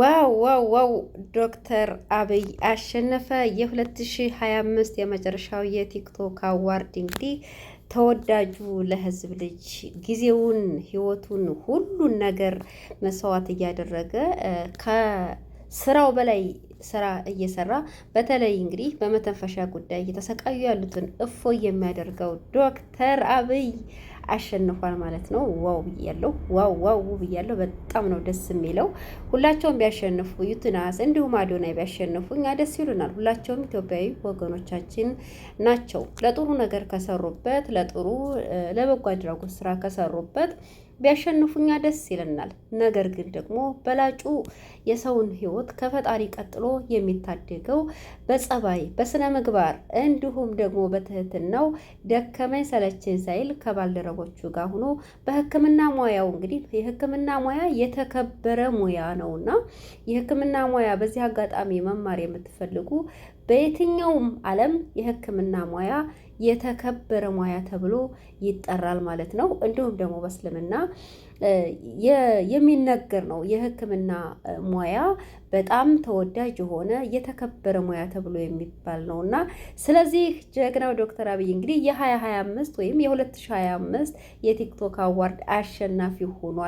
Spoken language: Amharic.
ዋው ዋው ዋው! ዶክተር አብይ አሸነፈ። የ2025 የመጨረሻው የቲክቶክ አዋርድ እንግዲህ ተወዳጁ ለህዝብ ልጅ ጊዜውን፣ ህይወቱን፣ ሁሉን ነገር መስዋዕት እያደረገ ከስራው በላይ ስራ እየሰራ በተለይ እንግዲህ በመተንፈሻ ጉዳይ እየተሰቃዩ ያሉትን እፎ የሚያደርገው ዶክተር አብይ አሸንፏል ማለት ነው። ዋው ብያለሁ፣ ዋው ዋው ብያለሁ። በጣም ነው ደስ የሚለው። ሁላቸውም ቢያሸንፉ ዩትናስ እንዲሁም አዶናይ ቢያሸንፉ እኛ ደስ ይሉናል። ሁላቸውም ኢትዮጵያዊ ወገኖቻችን ናቸው። ለጥሩ ነገር ከሰሩበት፣ ለጥሩ ለበጎ አድራጎት ስራ ከሰሩበት ቢያሸንፉኛ ደስ ይለናል። ነገር ግን ደግሞ በላጩ የሰውን ህይወት ከፈጣሪ ቀጥሎ የሚታደገው በጸባይ በስነ ምግባር እንዲሁም ደግሞ በትህትናው ደከመኝ ሰለችን ሳይል ከባልደረቦቹ ጋር ሆኖ በህክምና ሙያው እንግዲህ የህክምና ሙያ የተከበረ ሙያ ነውና የህክምና ሙያ በዚህ አጋጣሚ መማር የምትፈልጉ በየትኛውም ዓለም የህክምና ሙያ የተከበረ ሙያ ተብሎ ይጠራል ማለት ነው። እንዲሁም ደግሞ በእስልምና የሚነገር ነው። የህክምና ሙያ በጣም ተወዳጅ ተወዳጅ የሆነ የተከበረ ሙያ ተብሎ የሚባል ነው እና ስለዚህ ጀግናው ዶክተር አብይ እንግዲህ የ2025 ወይም የ2025 የቲክቶክ አዋርድ አሸናፊ ሆኗል።